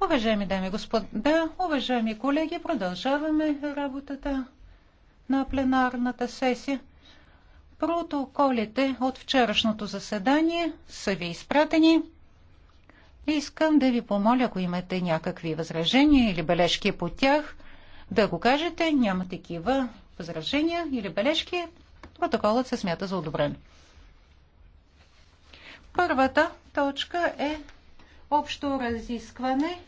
Уважаеми дами и господа, уважаеми колеги, продължаваме работата на пленарната сесия. Протоколите от вчерашното заседание са ви изпратени. Искам да ви помоля, ако имате някакви възражения или бележки по тях, да го кажете. Няма такива възражения или бележки. Протоколът се смята за одобрен. Първата точка е общо разискване